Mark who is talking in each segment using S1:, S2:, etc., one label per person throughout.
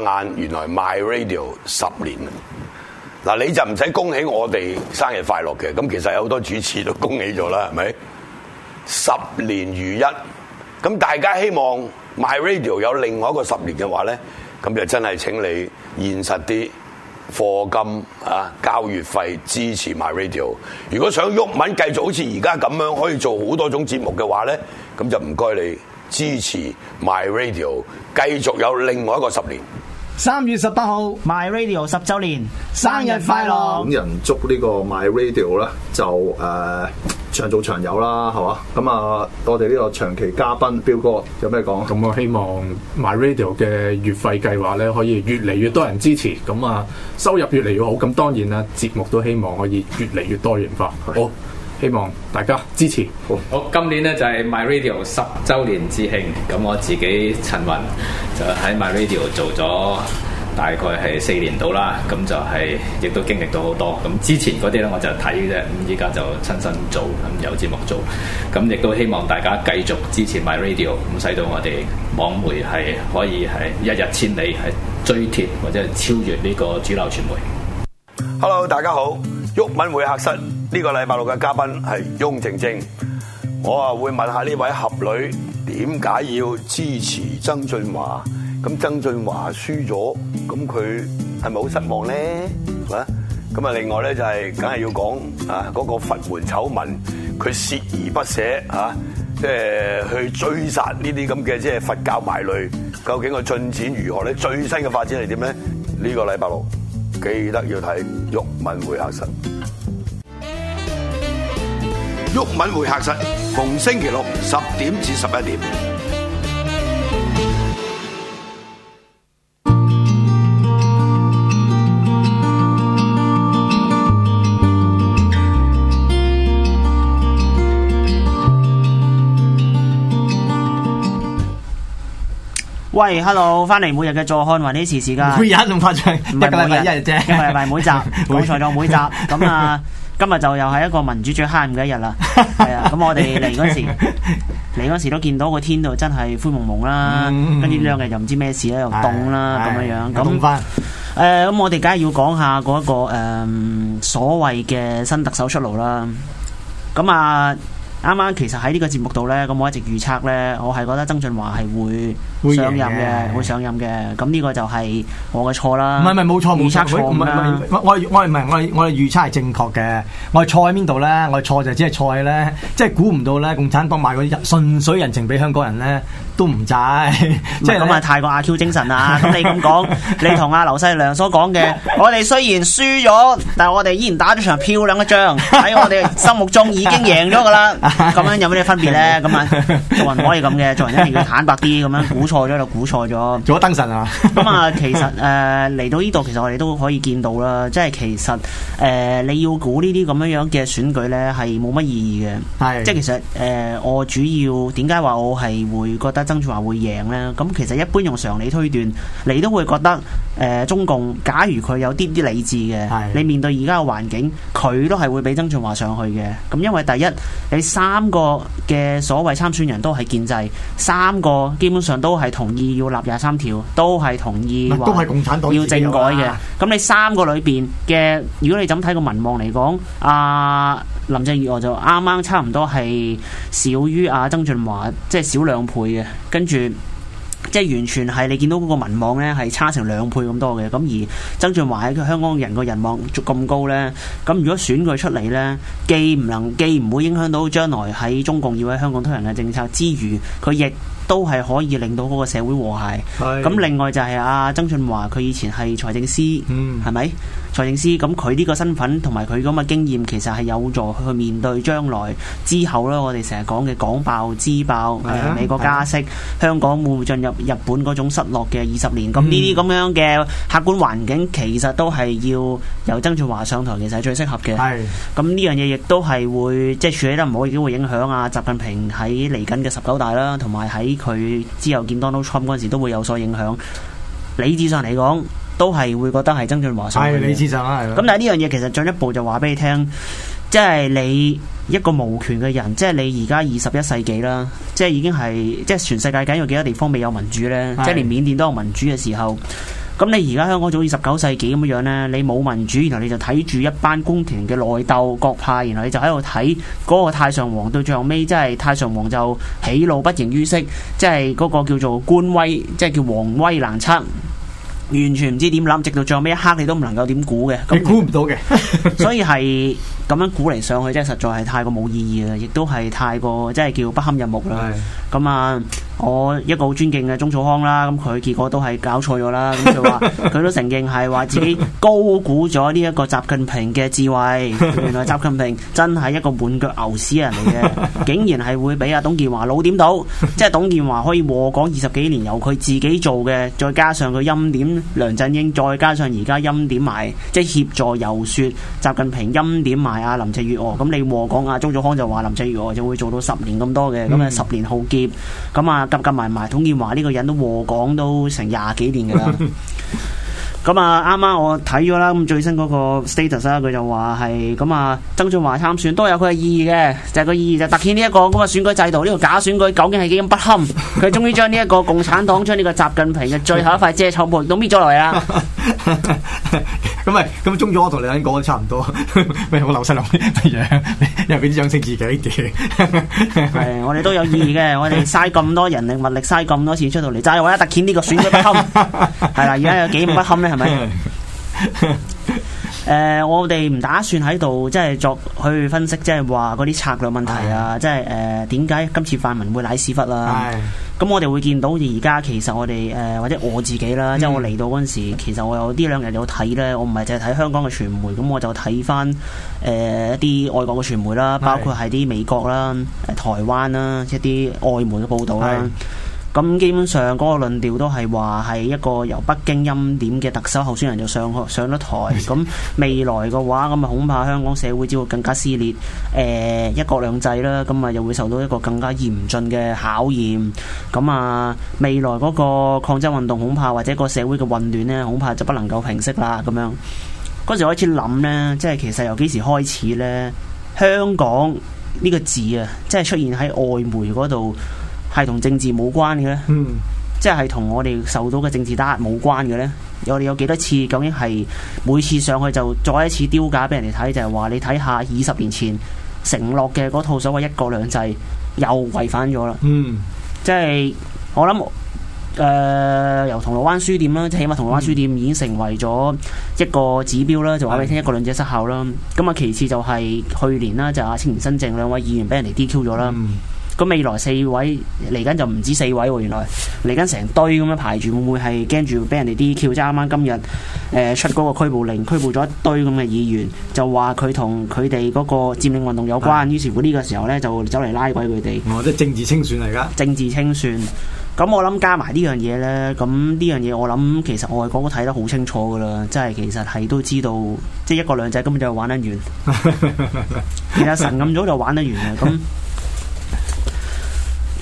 S1: 眼原來 my radio 十年嗱，你就唔使恭喜我哋生日快樂嘅，咁其實有好多主持都恭喜咗啦，係咪？十年如一，咁大家希望 my radio 有另外一個十年嘅話咧，咁就真係請你現實啲，課金啊交月費支持 my radio。如果想喐文繼續好似而家咁樣，可以做好多種節目嘅話咧，咁就唔該你支持 my radio，繼續有另外一個十年。
S2: 三月十八號 My Radio 十周年生日快樂！本
S1: 人祝呢個 My Radio 咧，就誒、呃、長做長有啦，係嘛？咁啊，我哋呢個
S3: 長期嘉賓彪哥有咩講？咁我希望 My Radio 嘅月費計劃咧，可以越嚟越多人支持，咁啊收入越嚟越好。咁當然啦，節目都希望可以越嚟越多元化。是好。希望
S1: 大家支持。好，好今年咧，就係 My Radio 十周年之慶，咁我自己陳雲就喺 My Radio 做咗大概係四年到啦，咁就係、是、亦都經歷到好多。咁之前嗰啲咧，我就睇嘅啫，咁而家就親身做，咁有節目做，咁亦都希望大家繼續支持 My Radio，咁使到我哋網媒係可以係一日千里，係追貼或者係超越呢個主流傳媒。Hello，大家好。毓民會客室呢、這個禮拜六嘅嘉賓係翁靜晶，我啊會問下呢位俠女點解要支持曾俊華？咁曾俊華輸咗，咁佢係咪好失望咧？係嘛？咁啊，另外咧就係梗係要講啊，嗰個佛門醜聞，佢鍥而不捨啊，即係去追殺呢啲咁嘅即係佛教敗類，究竟個進展如何咧？最新嘅發展係點咧？呢、這個禮拜六。記得要睇《毓民會客室》，《毓民會客室》逢星期六十點至十一點。
S2: 喂，Hello，翻嚟每日嘅坐看雲起時呢次時間， 每日咁誇張，唔係每日一日啫，就是，因為係每集，冇錯就每集。咁啊， 今日就又係一個民主最黑暗嘅一日啦。係啊， 咁我哋嚟嗰時，嚟嗰 時都見到個天度真係灰蒙蒙啦，跟住呢兩日又唔知咩事啦，又凍啦咁樣樣。咁，誒、 那個，咁我哋梗係要講下嗰一個誒所謂嘅新特首出爐啦。咁啊，啱啱其實喺呢個節目度咧，咁我一直預測咧，我係覺得曾俊華係會，會。會上任嘅會上任嘅，咁呢個就係我嘅錯啦。唔係唔係冇錯冇錯錯唔係
S3: 我我唔係我係我嘅預測係正確嘅。我嘅錯喺邊度咧？我嘅錯就只係錯咧，即係估唔到咧。共產黨賣嗰啲人順水
S2: 人情俾香港人咧，都唔制。即係咁啊，太過阿 Q 精神啊。咁你咁講，你同阿劉細良所講嘅，我哋雖然輸咗，但係我哋依然打咗場漂亮一仗喺我哋心目中已經贏咗噶啦。咁樣有咩分別咧？咁啊，做人可以咁嘅，做人一定要坦白啲咁樣，錯咗就估錯咗，做咗燈神啊！咁啊，其實誒嚟、呃、到呢度，其實我哋都可以見到啦，即係其實誒、呃、你要估呢啲咁樣樣嘅選舉咧，係冇乜意義嘅。係是，即係其實誒、呃，我主要點解話我係會覺得曾俊華會贏咧？咁其實一般用常理推斷，你都會覺得誒、呃、中共，假如佢有啲啲理智嘅，是你面對而家嘅環境，佢都係會俾曾俊華上去嘅。咁因為第一，你三個嘅所謂參選人都係建制，三個基本上都。都係同意要立廿三條，都係同意，都係共產黨要政改嘅。咁、啊、你三個裏邊嘅，如果你咁睇個民望嚟講，阿、啊、林鄭月娥就啱啱差唔多係少於阿曾俊華，即、就、係、是、少兩倍嘅。跟住即係完全係你見到嗰個民望呢係差成兩倍咁多嘅。咁而曾俊華喺佢香港人個人望咁高呢，咁如果選佢出嚟呢，既唔能既唔會影響到將來喺中共要喺香港推行嘅政策之餘，佢亦。都係可以令到嗰個社會和諧。咁是另外就係阿曾俊華，佢以前係財政司，係咪、嗯？財政司咁佢呢個身份同埋佢咁嘅經驗，其實係有助去面對將來之後呢，我哋成日講嘅港爆、支爆、啊、美國加息，啊、香港會唔會進入日本嗰種失落嘅二十年？咁呢啲咁樣嘅客觀環境，其實都係要由曾俊華上台，其實係最適合嘅。咁呢是樣嘢亦都係會即係、就是、處理得唔好，已經會影響阿習近平喺嚟緊嘅十九大啦，同埋喺。佢之後見 Donald Trump 嗰陣時都會有所影響，理智上嚟講都係會覺得係曾俊華。係、哎、理智上啊，係咯。咁但係呢樣嘢其實進一步就話俾你聽，即係你一個無權嘅人，即係你而家二十一世紀啦，即係已經係即係全世界梗有幾多地方未有民主咧？的即係連緬甸都有民主嘅時候。咁你而家香港好似十九世紀咁嘅樣咧，你冇民主，然後你就睇住一班宮廷嘅內鬥、各派，然後你就喺度睇嗰個太上皇到最後尾，即係太上皇就喜怒不形於色，即係嗰個叫做官威，即係叫皇威難測，完全唔知點諗，直到最後尾一刻，你都唔能夠點估嘅，你估唔到嘅， 所以係。咁樣鼓嚟上去，真係實在係太過冇意義啦，亦都係太過即係叫不堪入目啦。咁啊，我一個好尊敬嘅鐘楚康啦，咁佢結果都係搞錯咗啦。咁就話佢都承認係話自己高估咗呢一個習近平嘅智慧。原來習近平真係一個滿腳牛屎人嚟嘅，竟然係會俾阿董建華老點到，即係董建華可以禍港二十幾年由佢自己做嘅，再加上佢欽點梁振英，再加上而家欽點埋，即係協助遊說習近平欽點埋。係啊，林鄭月娥咁你禍港啊，鍾祖康就話林鄭月娥就會做到十年咁多嘅，咁啊、嗯、十年浩劫，咁啊夾夾埋埋，董建華呢個人都禍港都成廿幾年噶啦。 咁啊，啱啱我睇咗啦，咁最新嗰個 status 啦，佢就話係咁啊，曾俊華參選都有佢嘅意義嘅，就係、係、個意義就特顯呢一個咁嘅選舉制度，呢、呢個假選舉究竟係幾咁不堪？佢 終於將呢一個共產黨將呢 個習近平嘅最後一塊遮羞布都搣咗嚟啦。
S3: 咁咪咁中咗，我同你啱啱講嘅差唔多，咪好流西流咩又俾啲人識自己嘅。
S2: 我哋都有意義嘅，我哋嘥咁多人力物力嘥咁多錢出到嚟，就係為咗特顯呢個選舉不堪，係啦，而家有幾咁不堪咧？係，誒、 呃，我哋唔打算喺度，即係作去分析，即係話嗰啲策略問題啊，的即係誒點解今次泛民會瀨屎忽啦？咁的我哋會見到而家其實我哋誒、呃、或者我自己啦，即係我嚟到嗰陣時，嗯、其實我有呢兩日有睇咧，我唔係淨係睇香港嘅傳媒，咁我就睇翻誒一啲外國嘅傳媒啦，包括係啲美國啦、台灣啦一啲外媒嘅報道啦。的咁基本上嗰、那個論調都係話，係一個由北京欽點嘅特首候選人就上上咗台，咁的未來嘅話，咁啊恐怕香港社會只會更加撕裂，誒、呃、一國兩制啦，咁啊又會受到一個更加嚴峻嘅考驗。咁啊未來嗰個抗爭運動恐怕或者個社會嘅混亂咧，恐怕就不能夠平息啦，咁樣嗰時我開始諗咧，即係其實由幾時開始咧，香港呢個字啊，即係出現喺外媒嗰度。係同政治冇關嘅咧，嗯、即係同我哋受到嘅政治打壓冇關嘅咧。我哋有幾多次，究竟係每次上去就再一次丟架俾人哋睇，就係、是、話你睇下二十年前承諾嘅嗰套所謂一國兩制又違反咗啦。嗯，即，即係我諗誒、呃、由銅鑼灣書店啦，即係起碼銅鑼灣書店已經成為咗一個指標啦。就話俾你聽，一國兩制失效啦。咁啊，其次就係去年啦，就阿、是、青年新政兩位議員俾人哋 DQ 咗啦。嗯嗯咁未來四位嚟緊就唔止四位喎、啊，原來嚟緊成堆咁樣排住，會唔會係驚住俾人哋 DQ？即啱啱今日誒出嗰個拘捕令，拘捕咗一堆咁嘅議員，就話佢同佢哋嗰個佔領運動有關，是的於是乎呢個時候咧就走嚟拉鬼佢哋。我覺得政治清算嚟、啊、噶。政治清算。咁我諗加埋呢樣嘢咧，咁呢樣嘢我諗其實外國都睇得好清楚噶啦，即係其實係都知道，即係一國兩制根本就玩得完。 其實神咁早就玩得完啦，咁。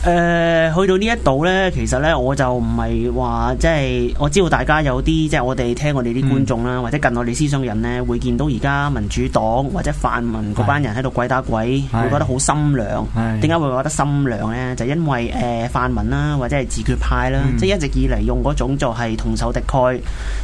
S2: 誒、呃、去到呢一度呢，其實呢，我就唔係話即係我知道大家有啲即係我哋聽我哋啲觀眾啦，嗯、或者近我哋思想嘅人呢，會見到而家民主黨或者泛民嗰班人喺度鬼打鬼，嗯、會覺得好心涼。點解、嗯、會覺得心涼呢？就因為誒、呃、泛民啦，或者係自決派啦，嗯、即係一直以嚟用嗰種就係同仇敵愾，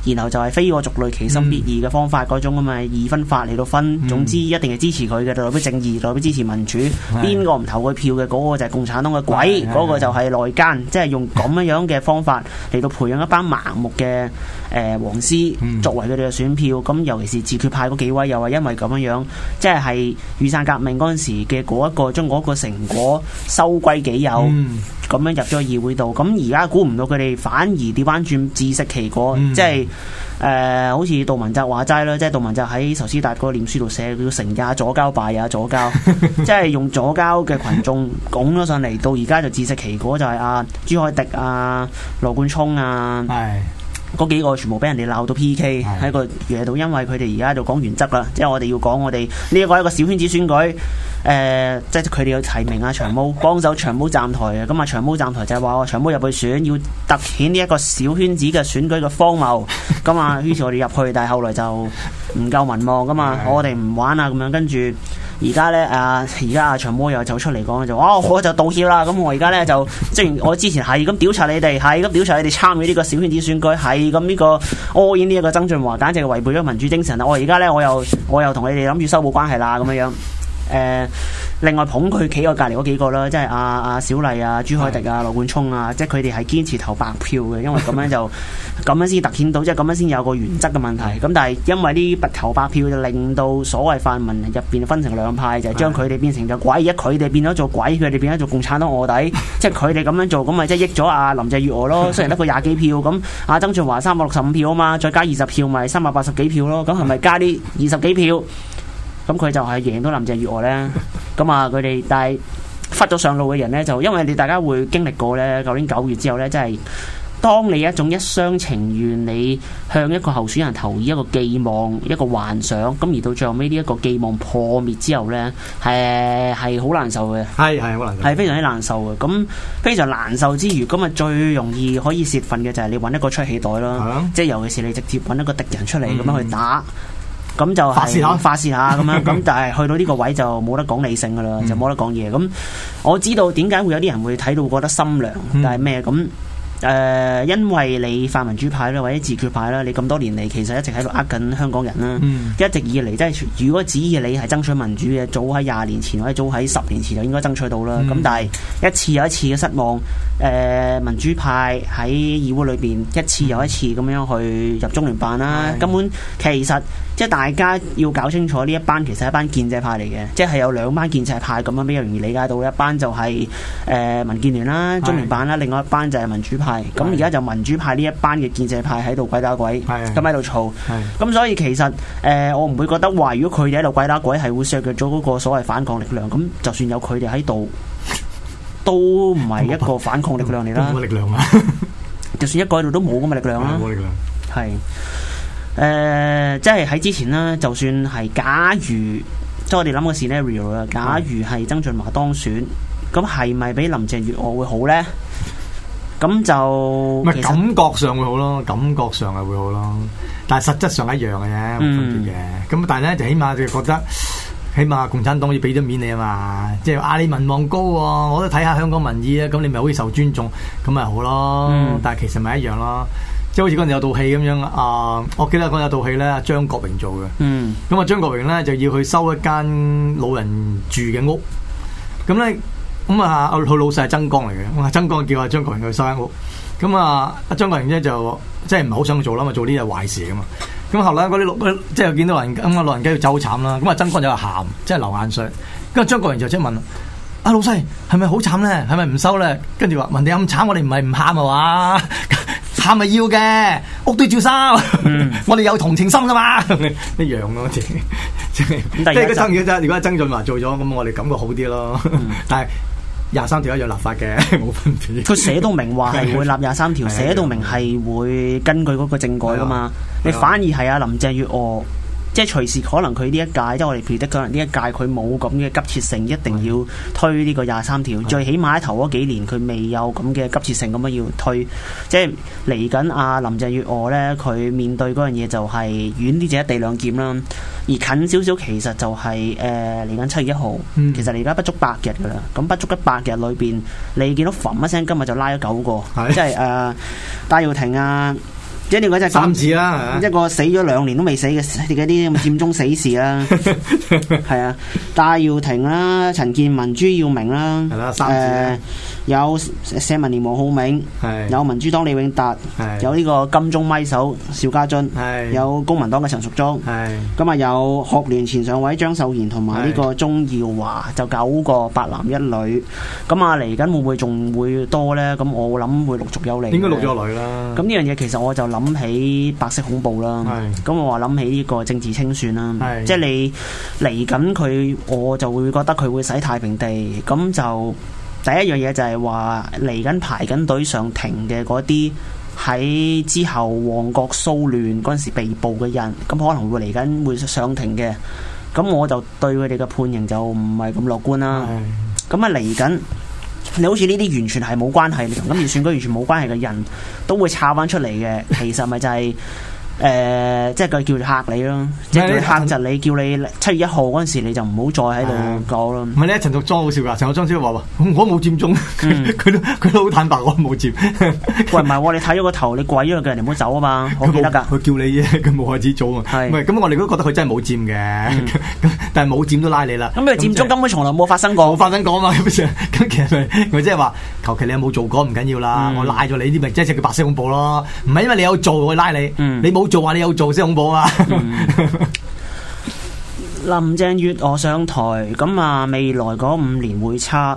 S2: 然後就係非我族類其心必異嘅方法嗰、嗯、種啊嘛，二分法嚟到分，嗯、總之一定係支持佢嘅，代表正義，代表支持民主，邊個唔投佢票嘅嗰、嗰個就係共產黨嘅鬼。嗰個就係內奸，即係用咁樣樣嘅方法嚟到培養一班盲目嘅誒黃絲作為佢哋嘅選票，咁尤其是自決派嗰幾位又係因為咁樣樣，即係係雨傘革命嗰陣時嘅嗰一個將嗰個成果收歸己有。咁樣入咗議會度，咁而家估唔到佢哋反而跌翻轉，自食其果，嗯、即係誒、呃，好似杜汶澤話齋啦，即係杜汶澤喺仇斯達嗰個面書度寫叫成也左膠敗啊左膠， 即係用左膠嘅群眾拱咗上嚟，到而家就自食其果，就係、是、阿、啊、朱凱迪啊、羅冠聰啊。嗰幾個全部俾人哋鬧到 PK 喺 個嘢度，因為佢哋而家喺度講原則啦，即係我哋要講我哋呢一個一個小圈子選舉，誒、呃，即係佢哋要提名啊長毛幫手長毛站台嘅，咁、嗯、啊長毛站台就係話我長毛入去選，要突顯呢一個小圈子嘅選舉嘅荒謬，咁、嗯、啊於是我哋入去，但係後來就唔夠民望噶嘛，嗯、 我哋唔玩啊咁樣，跟住。而家咧，啊，而家阿長毛又走出嚟講就，哦、啊，我就道歉啦。咁我而家咧就，即係我之前係咁調查你哋，係咁調查你哋參與呢個小圈子選舉，係咁呢個 all in 呢一個曾俊華，簡直係違背咗民主精神啦。我而家咧，我又我又同你哋諗住修補關係啦，咁樣樣，誒、呃。另外捧佢企我隔籬嗰幾個啦，即係阿阿小麗啊、朱凱迪啊、羅冠聰啊，即係佢哋係堅持投白票嘅，因為咁樣就咁樣先突顯到， 即係咁樣先有個原則嘅問題。咁 但係因為呢不投白票就令到所謂泛民入邊分成兩派，就係、將佢哋變成咗鬼，而家佢哋變咗做鬼，佢哋變咗做共產黨臥底。 即係佢哋咁樣做，咁咪即係益咗阿林鄭月娥咯。雖然得個廿幾票，咁阿曾俊華三百六十五票啊嘛，再加二十票咪三百八十幾票咯。咁係咪加啲二十幾票咁佢就係贏到林鄭月娥咧？ 咁啊，佢哋但係忽咗上路嘅人呢，就因為你大家會經歷過呢，舊年九月之後呢，即係當你一種一廂情願，你向一個候選人投以一個寄望，一個幻想，咁而到最後尾呢，一個寄望破滅之後呢，係係好難受嘅，係係好難受，係非常之難受嘅。咁非常難受之馀，咁啊最容易可以泄憤嘅就係你搵一個出氣袋咯，的即係尤其是你直接搵一個敵人出嚟咁樣去打。咁就係發泄下，發泄下咁樣。咁但係去到呢個位就冇得講理性噶啦， 就冇得講嘢。咁我知道點解會有啲人會睇到覺得心涼， 但係咩？咁誒、呃，因為你泛民主派啦，或者自決派啦，你咁多年嚟其實一直喺度呃緊香港人啦。 一直以嚟即係，如果指意你係爭取民主嘅，早喺廿年前或者早喺十年前就應該爭取到啦。咁 但係一次又一次嘅失望，誒、呃、民主派喺議會裏邊一次又一次咁樣去入中聯辦啦， 根本其實。即係大家要搞清楚呢一班其實係一班建制派嚟嘅，即係有兩班建制派咁樣比較容易理解到。一班就係誒民建聯啦、中聯辦啦，另外一班就係民主派。咁而家就民主派呢一班嘅建制派喺度鬼打鬼，咁喺度嘈。咁所以其實誒，我唔會覺得話，如果佢哋喺度鬼打鬼，係會削弱咗嗰個所謂反抗力量。咁就算有佢哋喺度，都唔係一個反抗力量嚟啦。力量啊！就算一個喺度都冇咁嘅力量啦。係。誒、呃，即係喺之前啦，就算係假如，即係我哋諗個 scenario 啦，假如係曾俊華當選，咁係咪比林鄭月娥會好咧？咁就咪感
S3: 覺上會好咯，感覺上係會好咯，但係實質上一樣嘅嘢，冇分別嘅。咁、嗯、但係咧，就起碼就覺得，起碼共產黨要俾咗面你啊嘛，即係阿、啊、你民望高喎、啊，我都睇下香港民意啊。咁你咪可以受尊重，咁咪好咯。嗯、但係其實咪一樣咯。即係好似嗰陣有套戲咁樣，啊、呃，我記得嗰陣有套戲咧，張國榮做嘅。嗯。咁啊，張國榮咧就要去收一間老人住嘅屋。咁咧，咁啊，佢、啊、老細係曾江嚟嘅。我話曾江叫阿張國榮去收間屋。咁啊，阿張國榮咧就即係唔係好想去做啦嘛，做啲啊壞事嘅嘛。咁後來嗰啲老即係見到老人咁 啊，老人家要走好慘啦。咁啊，曾江就喊，即係流眼水。跟住張國榮就即係問：阿老細係咪好慘咧？係咪唔收咧？跟住話：人哋咁慘，我哋唔係唔喊啊嘛？係咪要嘅屋都照收，嗯、 我哋有同情心噶嘛，一樣咯、啊，即係即係。如果曾俊華做咗，咁我哋感覺好啲咯。但係廿三條一樣立法嘅，佢寫到明話係會立廿三條，寫到、啊、明
S2: 係會根據嗰個政改噶嘛。啊啊、你反而係阿林鄭月娥。即係隨時可能佢呢一屆，即係我哋譬如得可能呢一屆佢冇咁嘅急切性，一定要推呢個廿三條。是的 最起碼喺頭嗰幾年，佢未有咁嘅急切性咁樣要推。即係嚟緊阿林鄭月娥呢，佢面對嗰樣嘢就係遠啲就一地兩檢啦，而近少少其實就係誒嚟緊七月一號，嗯、其實嚟緊不足百日噶啦。咁不足一百日裏邊，你見到冚一聲今日就拉咗九個，是的 即係、呃、 戴耀廷啊。即係你嗰隻三子啦，一個死咗兩年都未死嘅，嗰啲咁嘅佔中死士啦，係啊，戴耀廷啦、啊，陳建文、朱耀明、啊、啦，係啦、呃，三子啦。有社民連黃浩銘，有民主黨李永達，有呢個金鐘咪手邵家臻，有公民黨嘅陳淑莊，咁啊有學聯前上位張秀賢同埋呢個鍾耀華，就九個，八男一女。咁啊嚟緊會唔會仲會多咧？咁我諗會陸續有嚟，應該陸咗女啦。咁呢樣嘢其實我就諗起白色恐怖啦。咁是我話諗起呢個政治清算啦，是即係你嚟緊佢，我就會覺得佢會洗太平地，咁就。第一樣嘢就係話嚟緊排緊隊上庭嘅嗰啲喺之後旺角騷亂嗰陣時被捕嘅人，咁可能會嚟緊會上庭嘅，咁我就對佢哋嘅判刑就唔係咁樂觀啦。咁啊嚟緊，你好似呢啲完全係冇關係嘅，同今次選舉完全冇關係嘅人都會插翻出嚟嘅，其實咪就係、是。 誒，即係佢叫嚇你咯，即係嚇窒你，叫你七月一號嗰陣時，你就唔好再喺度講咯。唔係你陳淑莊好笑㗎，陳淑莊先話我冇佔中，佢都佢
S3: 都好坦白，我冇佔。喂，唔係喎，你睇咗個頭，你跪咗個腳，你唔好走啊嘛，我記得㗎。佢叫你，佢冇開始做啊。咁我哋都覺得佢真係冇佔嘅，但係冇佔都拉你啦。咁佢佔中根本從來冇發生過，冇發生過啊嘛。咁樣，咁其實佢即係話，求其你有冇做過唔緊要啦，我拉咗你啲咪即係叫白色恐怖咯。唔係因為你有做，我拉你，你冇。做話你有做先恐怖啊！
S2: 林鄭月娥上台，咁啊未來嗰五年會差，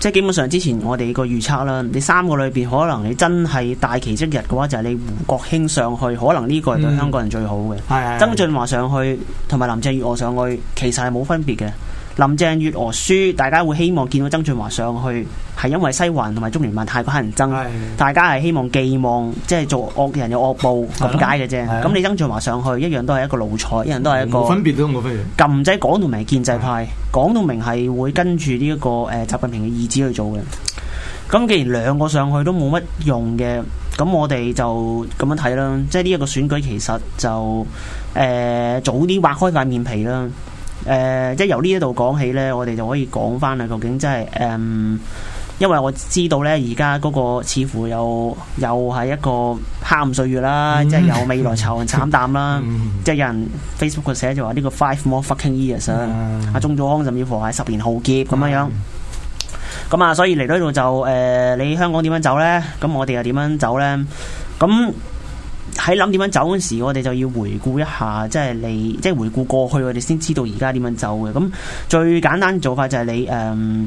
S2: 即係基本上之前我哋個預測啦。你三個裏邊可能你真係大奇蹟日嘅話，就係、是、你胡國興上去，可能呢個係對香港人最好嘅。係。 曾俊華上去同埋林鄭月娥上去，其實係冇分別嘅。林鄭月娥輸，大家會希望見到曾俊華上去，係因為西環同埋中聯辦太過乞人憎，的大家係希望寄望即係做惡人有惡報，咁解嘅啫。咁的你曾俊華上去一樣都係一個奴才，一樣都係一個。冇分別咯，我飛。撳仔講到明建制派，講到明係會跟住呢一個誒習近平嘅意志去做嘅。咁既然兩個上去都冇乜用嘅，咁我哋就咁樣睇啦。即係呢一個選舉其實就誒、呃、早啲挖開塊面皮啦。誒、呃，即係由呢一度講起呢，我哋就可以講翻啦。究竟即係誒，因為我知道呢，而家嗰個似乎又有係一個黑暗歲月啦， 即係有未來愁雲慘淡啦。 即係有人 Facebook 佢寫就話呢個 five more fucking years Yeah. 啊，阿鍾祖康甚至乎係十年浩劫咁樣樣。咁 Yeah. 啊，所以嚟到呢度就誒、呃，你香港點樣走呢？咁我哋又點樣走呢？咁。喺諗點樣走嗰時，我哋就要回顧一下，即係你，即係回顧過去，我哋先知道而家點樣走嘅。咁最簡單做法就係你誒，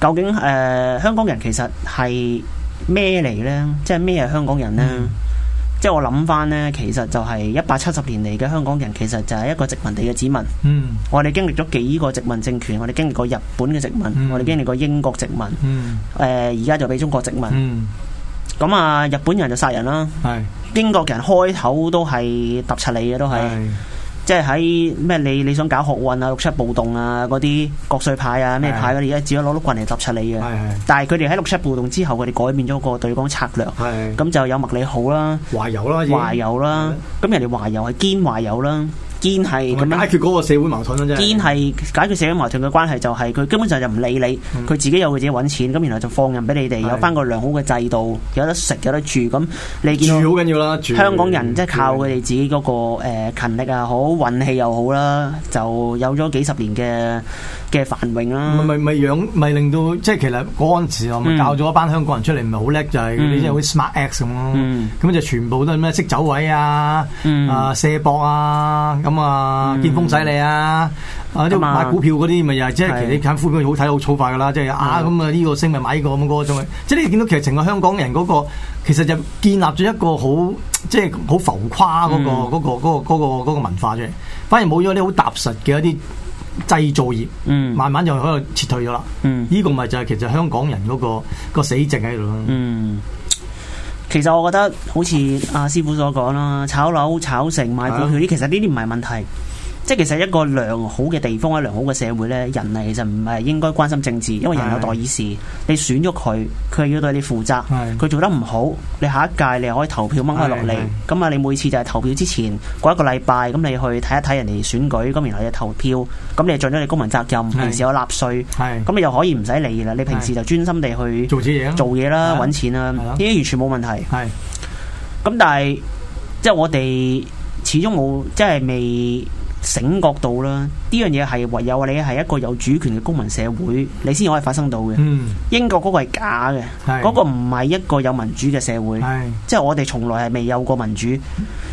S2: 究竟誒香港人其實係咩嚟呢？即係咩係香港人呢？即係我諗翻呢，其實就係一百七十年嚟嘅香港人，其實就係一個殖民地嘅子民。我哋經歷咗幾個殖民政權，我哋經歷過日本嘅殖民，我哋經歷過英國殖民。誒而家就俾中國殖民。嗯，咁啊，日本人就殺人啦。英國人開頭都係揼柒你嘅，都係是的 即係喺咩你你想搞學運啊、六七暴動啊嗰啲國粹派啊咩派，啲，而家是的 只係攞碌棍嚟揼柒你嘅。是的 但係佢哋喺六七暴動之後，佢哋改變咗個對港策略，咁是的 就有麥理浩啦、懷柔啦、懷柔啦，咁的人哋懷柔係堅懷柔啦。堅係解決嗰個社會矛盾啫。堅係解決社會矛盾嘅關係就係佢根本上就唔理你，佢自己有佢自己搵錢，咁然後就放任俾你哋，有返個良好嘅制度，有得食，有得住。咁你見到住好緊要啦。香港人即係靠佢哋自己嗰個誒勤力啊，好運氣又好啦，就有咗幾十年嘅嘅繁榮啦。咪咪咪養咪令到即係其實嗰陣時我咪教
S3: 咗一班香港人出嚟，唔係好叻就係、是，你即係好 smart x 咁咯。咁就全部都係咩識走位啊，啊，啊卸、啊、膊啊。咁、嗯、啊，見風使嚟啊！啊，即係買股票嗰啲咪又係即係其實你揀股票好睇好炒快㗎喇！即係啊咁啊，呢個升咪買呢個咁嗰種。即係你見到其實成個香港人嗰、嗰個，其實就建立咗一個好即係好浮誇嗰、嗰個嗰、嗯嗰個嗰、嗰個嗰個嗰個、文化啫。反而冇咗啲好踏實嘅一啲製造業，嗯、慢慢就喺度撤退咗啦。呢、嗯、個咪就係其實香港人嗰、嗰個嗰個死症喺度
S2: 咯。嗯其實我覺得好似阿、啊、師傅所講啦，炒樓炒成、買股票啲，其實呢啲唔係問題。即係其實一個良好嘅地方，一個良好嘅社會咧，人係其實唔係應該關心政治，因為人有代議事，你選咗佢，佢係要對你負責，佢做得唔好，你下一屆你可以投票掹佢落嚟。咁啊，你每次就係投票之前過一個禮拜，咁你去睇一睇人哋選舉，咁然後就投票，咁你係盡咗你公民責任，平時有納稅，咁你又可以唔使理啦。你平時就專心地去做嘢啦，揾錢啦，呢啲完全冇問題。係咁，但係即係我哋始終冇即係未。醒覺到啦，呢樣嘢係唯有你係一個有主權嘅公民社會，你先可以發生到嘅。嗯、英國嗰個係假嘅，嗰是個唔係一個有民主嘅社會。是即係我哋從來係未有過民主，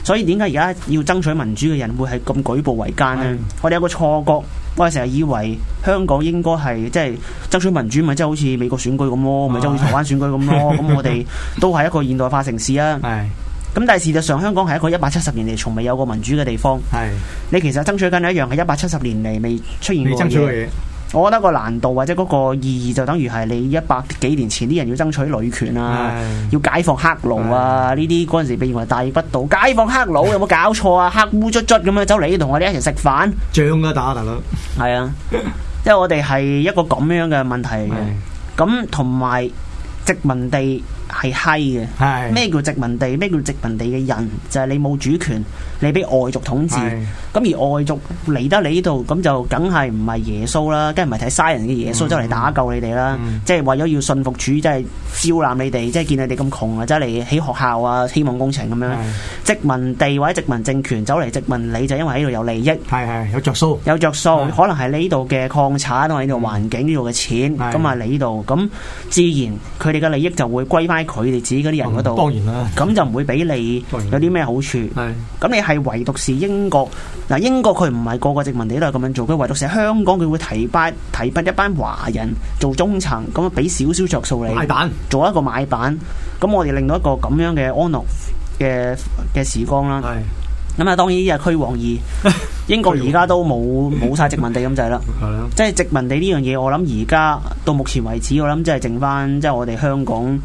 S2: 所以點解而家要爭取民主嘅人會係咁舉步維艱呢？是我哋有個錯覺，我哋成日以為香港應該係即係爭取民主，咪即係好似美國選舉咁咯，咪即係好似台灣選舉咁咯？咁、啊哎、我哋都係一個現代化城市啊。哎哎哎哎咁但係事實上，香港係一個一百七十年嚟從未有過民主嘅地方。係，是的 你其實爭取緊一樣係一百七十年嚟未出現過嘅嘢。爭取過，我覺得個難度或者嗰個意義就等於係你一百幾年前啲人要爭取女權啊，是的 要解放黑奴啊，呢啲嗰陣時被認為大逆不道。解放黑奴有冇搞錯啊？黑烏卒卒咁樣走嚟，同我哋一齊食飯，漲都打大佬。係啊，即係我哋係一個咁樣嘅問題嘅。咁同埋殖民地。係閪嘅，咩叫殖民地？咩叫殖民地嘅人？就係你冇主權，你俾外族統治。咁而外族嚟得你呢度，咁就梗係唔係耶穌啦，梗係唔係睇沙人嘅耶穌走嚟打救你哋啦。嗯嗯、即係為咗要信服主，即係招攬你哋，即係見你哋咁窮啊，即係嚟起學校啊，希望工程咁樣。嗯、殖民地或者殖民政權走嚟殖民你，就因為喺度有利益。係係有着數，有着數。嗯、可能係你呢度嘅礦產，或者呢度環境呢度嘅錢，咁啊你呢度咁，自然佢哋嘅利益就會歸翻喺佢哋自己嗰啲人嗰度，當然啦，咁就唔會俾你有啲咩好處。係咁，你係唯獨是英國嗱，英國佢唔係個個殖民地都係咁樣做，佢唯獨係香港，佢會提拔提拔一班華人做中層，咁啊俾少少着數你點點買辦版，做一個買辦。咁我哋令到一個咁樣嘅安樂嘅嘅時光啦。係咁啊，當然呢係虛晃二 英國而家都冇冇曬殖民地咁， 就係啦。係即係殖民地呢樣嘢，我諗而家到目前為止，我諗即係剩翻即係我哋香港。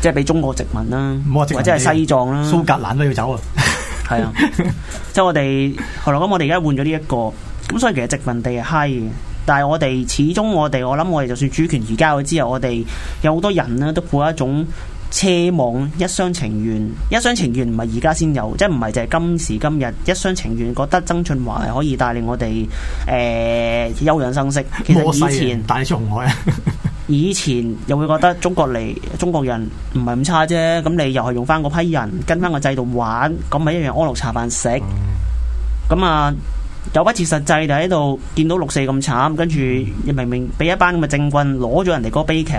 S2: 即係俾中國殖民啦，民或者係西藏啦，蘇格蘭都要走 啊！係啊，即係我哋後來咁，我哋而家換咗呢一個，咁所以其實殖民地係閪嘅，但係我哋始終我哋我諗我哋就算主權移交咗之後，我哋有好多人呢，都抱一種奢望，一廂情願，一廂情願唔係而家先有，即係唔係就係今時今日一廂情願覺得曾俊華係可以帶領我哋誒休養生息。其實以前
S3: 帶你出紅海啊！
S2: 以前又會覺得中國嚟中國人唔係咁差啫，咁你又係用翻嗰批人跟翻個制度玩，咁咪一樣安樂茶飯食。咁、嗯、啊，有不切實際，就喺度見到六四咁慘，跟住又明明俾一班咁嘅政棍攞咗人哋嗰個悲劇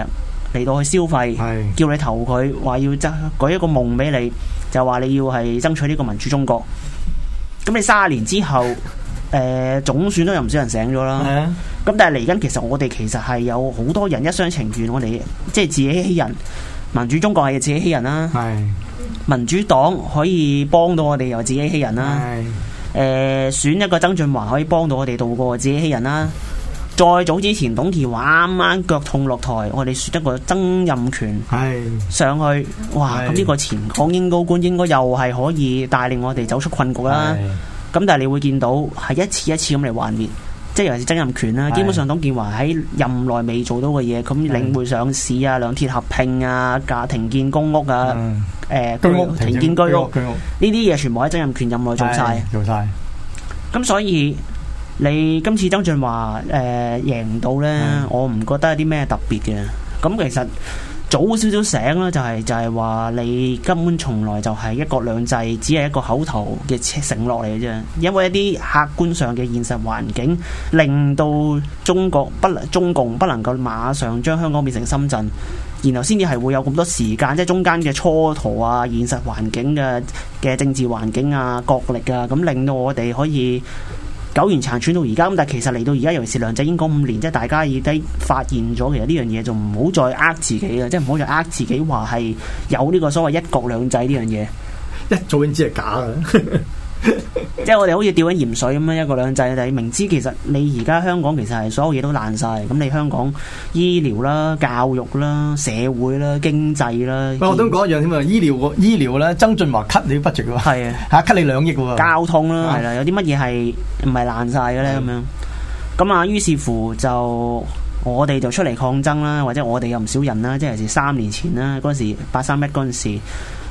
S2: 嚟到去消費，是叫你投佢，話要爭舉一個夢俾你，就話你要係爭取呢個民主中國。咁你三十年之後。 誒，總算都有唔少人醒咗啦。咁 Yeah. 但係嚟緊，其實我哋其實係有好多人一廂情願，我哋即係自欺欺人。民主中國係自欺欺人啦，啊。Yeah. 民主黨可以幫到我哋又自欺欺人啦，啊。誒 Yeah.、欸，選一個曾俊華可以幫到我哋度過自欺欺人啦，啊。再早之前，董建華啱啱腳痛落台，我哋選一個曾蔭權上去，哇！呢個前港英高官應該又係可以帶領我哋走出困局啦。Yeah. Yeah. yeah. 咁但係你會見到係一次一次咁嚟幻滅，即係尤其是曾蔭權啦，基本上是的 董建華喺任內未做到嘅嘢，咁領匯上市啊、兩鐵合併啊、停建公屋啊、誒停建居屋呢啲嘢，屋全部喺曾蔭權任內做晒。做晒。咁所以你今次曾俊華誒贏唔到呢，呃嗯、我唔覺得有啲咩特別嘅。咁其實。早少少醒啦，就係就係話你根本從來就係一國兩制，只係一個口頭嘅承諾嚟嘅啫。因為一啲客觀上嘅現實環境，令到中國不能，中共不能夠馬上將香港變成深圳，然後先至係會有咁多時間，即係中間嘅蹉跎啊、現實環境嘅嘅政治環境啊、角力啊，咁令到我哋可以。九元殘喘到而家，咁但係其實嚟到而家，尤其是兩仔已經講五年，即係大家已經發現咗，其實呢樣嘢就唔好再呃自己喇，即係唔好再呃自己話係有呢個所謂一國兩制呢樣嘢，一早已經知係假嘅。 即係我哋好似吊緊鹽水咁樣，一國兩制，就明知其實你而家香港其實係所有嘢都爛晒，咁你香港醫療啦、教育啦、社會啦、經濟啦，我都講一樣添啊！醫療醫療咧，曾俊華 cut 你 budget 喎，係啊吓 cut 你兩億喎，交通啦，係啦，有啲乜嘢係唔係爛晒嘅咧？咁樣咁啊，於是乎就我哋就出嚟抗爭啦，或者我哋有唔少人啦，即係似三年前啦，嗰陣時八三一嗰陣時，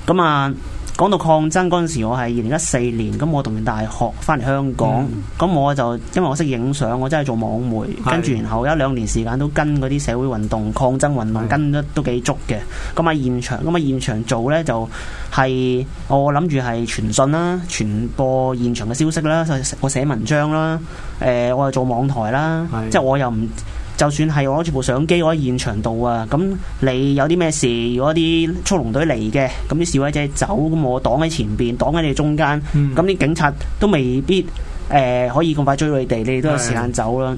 S2: 咁啊。講到抗爭嗰陣時，我係二零一四年，咁我讀完大學翻嚟香港，咁、嗯、我就因為我識影相，我真係做網媒，嗯、跟住然後一兩年時間都跟嗰啲社會運動、抗爭運動跟得都幾足嘅。咁啊現場，咁啊現場做呢，就係、是、我諗住係傳信啦、傳播現場嘅消息啦，我寫文章啦，誒、呃、我係做網台啦，嗯、即係我又唔。就算係我攞住部相機，我喺現場度啊！咁你有啲咩事？如果啲速龍隊嚟嘅，咁啲示威者走，咁我擋喺前面，擋喺你哋中間，咁啲、嗯、警察都未必誒、呃、可以咁快追你哋，你哋都有時間走啦。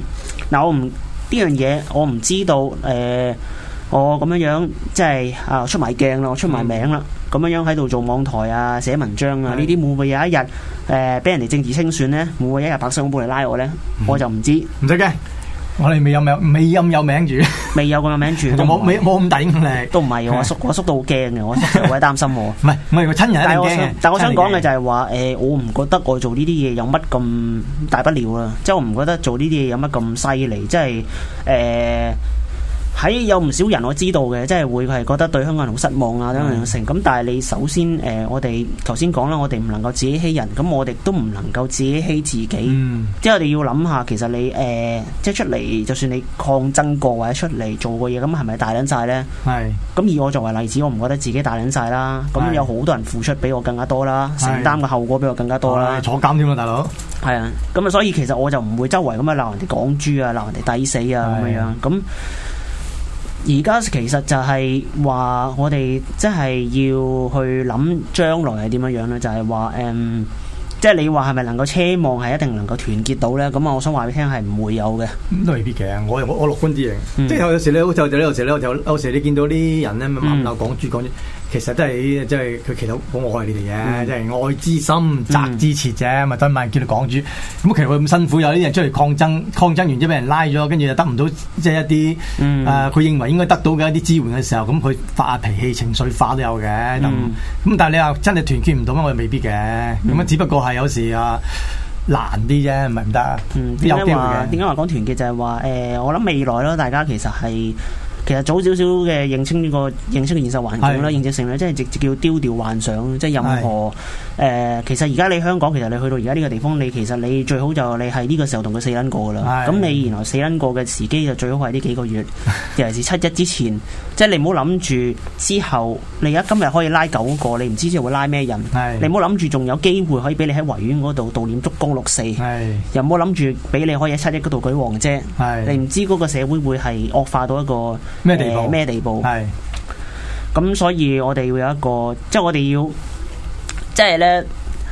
S2: 嗱是的、呃，我唔呢樣嘢，我唔知道誒。我咁樣樣即係啊出埋鏡啦，出埋名啦，咁、嗯、樣樣喺度做網台啊，寫文章啊，呢啲、嗯、會唔會有一日誒俾人哋政治清算呢？會唔會一日白相本嚟拉我呢？嗯、我就唔知，唔使驚。我哋未，未有名 未有，未有名有名住，未有咁有名住，冇冇冇咁頂力，都唔係 我叔，我叔都好驚嘅，我叔好鬼擔心我。唔係， 唔係個親人，但係我想講嘅就係話，誒、呃，我唔覺得我做呢啲嘢有乜咁大不了啊，即、就、係、是、我唔覺得做呢啲嘢有乜咁犀利，即係誒。呃喺有唔少人我知道嘅，即係會係覺得對香港人好失望啊等等成咁。 嗯、 但係你首先誒、呃，我哋頭先講啦，我哋唔能夠自己欺人，咁我哋都唔能夠自己欺自己。嗯、即係我哋要諗下，其實你誒、呃，即係出嚟，就算你抗爭過或者出嚟做過嘢，咁係咪大撚晒咧？係是。咁以我作為例子，我唔覺得自己大撚晒啦。咁是有好多人付出比我更加多啦，承擔嘅後果比我更加多啦。坐監添啊，大佬。係啊，咁、嗯、啊，嗯、所以其實我就唔會周圍咁樣鬧人哋港豬啊，鬧人哋抵死啊咁樣咁。而家其實就係話我哋即係要去諗將來係點樣樣咧，就係話誒，即係你話係咪能夠奢望係一定能夠團結到咧？咁、嗯、啊，我想話俾你聽係唔會有嘅。咁都未必嘅，我又我我六分之零，嗯、即係有時咧，我就就有時
S3: 咧，我就有時你見到啲人咧，咁鬧講主講主。說說其實都係，即係佢其實好愛你哋嘅，即係、嗯、愛之心、責之切啫。咪真係咪見到港主咁，其實佢咁辛苦，有啲人出嚟抗爭，抗爭完之後俾人拉咗，跟住又得唔到即係一啲誒，佢、呃、認為應該得到嘅一啲支援嘅時候，咁佢發脾氣、情緒化都有嘅。咁、嗯、但係你話真係團結唔到，咁我又未必嘅。咁啊、嗯，只不過係有
S2: 時啊難啲啫，唔係唔得。嗯，點解點解話講團結就係話誒？我諗未來咯，大家其實係。其實早少少嘅認清呢、呢個認清嘅現實環境啦，是認清成、這、咧、個，即係直接叫丟掉幻想，即係任何誒是、呃。其實而家你香港，其實你去到而家呢個地方，你其實你最好就是你係呢個時候同佢死個人過噶啦。咁是你原來死個人過嘅時機就最好係呢幾個月，尤其是七一之前。 即係你唔好諗住之後，你而家今日可以拉九、個，你唔知之後會拉咩人。是你唔好諗住仲有機會可以俾你喺維園嗰度悼念燭光六四，是是又唔好諗住俾你可以喺七一嗰度舉王啫是是。你唔知嗰個社會會係惡化到一個。咩、呃、地步？咩 地步？係咁，所以我哋要有一個，即係我哋要，即係咧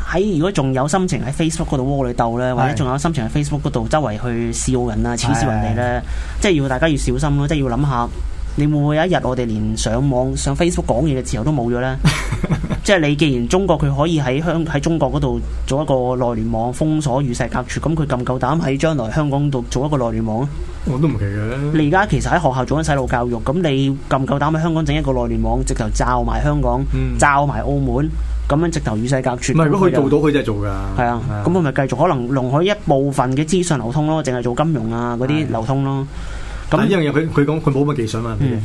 S2: 喺。如果仲有心情喺 Facebook 嗰度窩裏鬥咧，是的 或者仲有心情喺 Facebook 嗰度周圍去笑人啊、歧笑人哋咧，是的 即係要大家要小心咯，即係要諗下。你會唔會有一日我哋連上網上 Facebook 講嘢嘅時候都冇咗呢？ 即係你既然中國佢可以喺香喺中國嗰度做一個內聯網封鎖與世隔絕，咁佢咁夠膽喺將來香港度做一個內聯網咧？我都唔奇嘅。你而家其實喺學校做緊洗腦教育，咁你咁夠膽喺香港整一個內聯網，直頭罩埋香港，罩埋、嗯、澳門，咁樣直頭與世隔絕。唔係，如果佢做到，
S3: 佢真
S2: 係做㗎。係啊，咁佢咪繼續可能容許一部分嘅資訊流通咯，淨係做金融啊嗰啲流通咯。對咁呢樣嘢佢佢講佢冇乜技術嘛，係、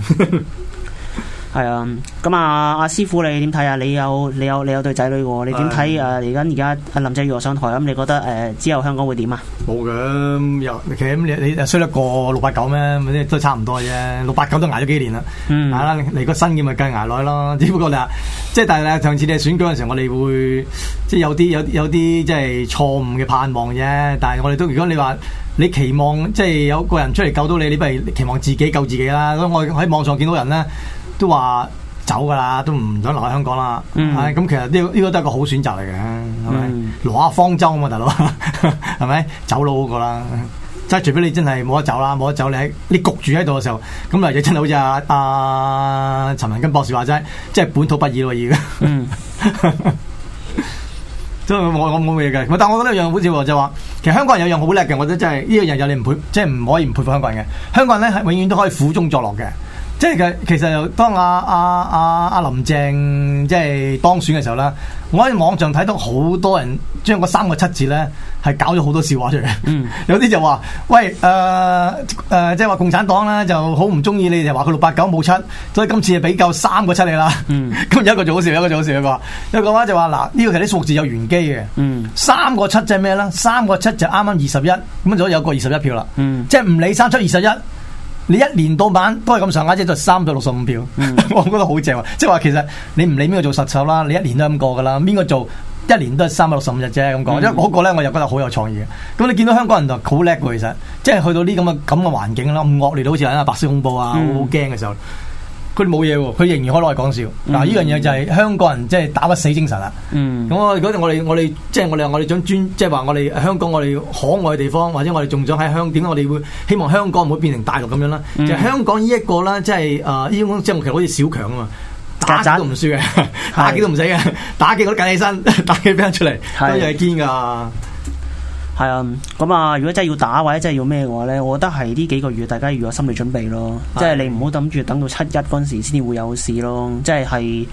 S2: 嗯、 啊。咁啊，阿師傅你點睇？啊？你有你有你有，你有對仔女嘅，你點睇啊？嚟緊而家林鄭月娥上台，咁你覺得誒、呃、之後香港會點啊？
S3: 冇嘅，又其實你你衰得過六八九咩？都差唔多嘅啫，六八九都挨咗幾年啦。嗯，嚟、啊、個新嘅咪更挨耐咯。只不過就即、是、係但係上次你選舉嘅時候，我哋會即係有啲有有啲即係錯誤嘅盼望啫。但係我哋都如果你話。你期望即係有個人出嚟救到你，你不如期望自己救自己啦。咁我喺網上見到人咧，都話走噶啦，都唔想留喺香港啦。咁、嗯、其實呢個呢個都係一個好選擇嚟嘅，係咪？挪亞、嗯、方舟啊嘛，大佬，係 咪？走佬好過啦，即係除非你真係冇得走啦，冇得走你喺你局住喺度嘅時候，咁嚟就真係好似阿阿陳文根博士話齋，即係本土不二咯而家。嗯 所以我我冇嘢嘅，但係我覺得一樣好笑，就係話，其實香港人有樣好叻嘅，我都真係呢個人有你唔配，即係唔可以唔佩服香港人嘅。香港人咧係永遠都可以苦中作樂嘅。即係其實當，啊，當阿阿阿阿林鄭即係當選嘅時候啦，我喺網上睇到好多人將嗰三個七字咧，係搞咗好多笑話出嚟。嗯，有啲就話：，喂，誒、呃、誒，即係話共產黨咧，就好唔中意你，就話佢六八九冇七，所以今次係俾夠三個七你啦。嗯，咁有一個做好笑，一個做好笑，一個，一個話就話：，嗱，呢個其實啲數字有玄機嘅。嗯，三個七就係咩咧？三個七就啱啱二十一，咁就有個二十一票啦。嗯，即係唔理三七二十一。你一年到晚都係咁上下啫，就三百六十五票，mm. 我覺得好正。即係話其實你唔理邊個做實操啦，你一年都係咁過噶啦。邊個做一年都係三百六十五日啫。咁講，mm. 因為嗰個咧我又覺得好有創意。咁你見到香港人就好叻喎。其實即係去到呢咁嘅咁嘅環境啦，咁惡劣到好似喺阿白色恐怖啊，好驚嘅時候。Mm. 佢冇嘢喎，佢仍然攞嚟講笑。嗱、mm，呢、hmm. 樣嘢就係香港人即係打不死精神啦。咁、mm hmm. 我如果我哋、就是、我哋即係我哋我哋想專即係話我哋香港我哋可愛嘅地方，或者我哋仲想喺香點解我哋會希望香港唔會變成大陸咁樣啦、mm hmm. 這個？就香港呢一個啦，即係啊，依種即係其實好似小強啊嘛，打
S2: 都唔輸嘅，打擊都唔死嘅，打擊我都捱起身，打擊飛出嚟都係堅㗎。的 係啊，咁啊，如果真係要打或者真係要咩嘅話咧，我覺得係呢幾個月大家要有心理準備咯。的即係你唔好諗住等到七一嗰陣時先至會有事咯。即係，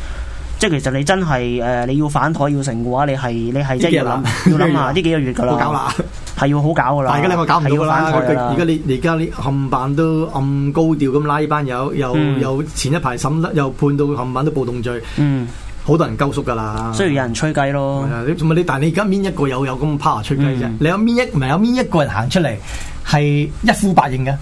S2: 即係其實你真係誒、呃，你要反台要成嘅話，你係你係即係諗要諗下呢幾個月噶啦，係 要好搞噶啦。而 家有有 你我搞唔到啦。而家你而家你冚
S3: 板都暗高調咁拉班友，又又前一排審得又判到冚板都暴動罪。嗯。 好多人鳩縮噶啦，雖然有人吹雞咯，你，但係你而家邊一個有有咁 power 吹雞啫，你有邊一唔係有邊一個人行出嚟係一呼百應嘅，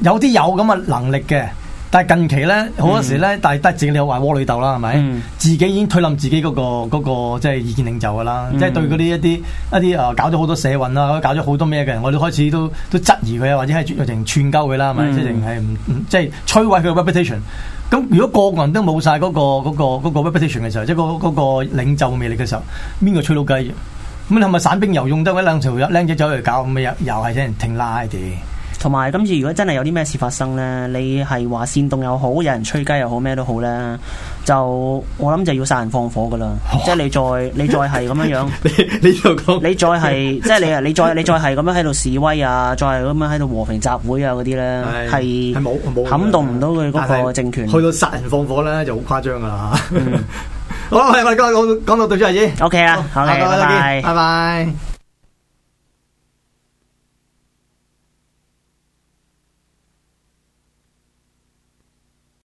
S3: 有啲、嗯、有咁嘅能力嘅，但係近期咧好、嗯、多時咧，但係得自己你話窩裏鬥啦，係咪？嗯、自己已經推冧自己嗰、那個即係、那個就是、意見領袖噶啦，即係、嗯、對嗰啲一啲一啲啊搞咗好多社運啦，搞咗好多咩嘅人，我哋開始都都質疑佢啊，或者係專程串鳩佢啦，係咪即係係唔即係摧毀佢嘅 reputation。咁如果個個人都冇晒嗰個嗰、嗰個嗰、嗰個嗰個 repetition 嘅時候，即係嗰嗰個領袖魅力嘅時候，邊個吹到雞？咁你係
S2: 咪散兵游勇得一兩條靚仔走嚟搞？咁咪又又係啲人聽拉啲？同埋，今次如果真係有啲咩事發生咧，你係話煽動又好，有人吹雞又好，咩都好咧，就我諗就要殺人放火噶啦，哇 即係你再你再係咁樣樣，你再係即係你啊，你再你再係咁樣喺度示威啊，再係咁樣喺度和平集會啊嗰啲咧，係係冇冇撼動唔到佢嗰個政權，去到殺人放火咧就誇張、嗯、 好誇張噶啦
S3: 吓。好啦，我哋我哋講講到到呢？O K 啦，好嘅，拜拜。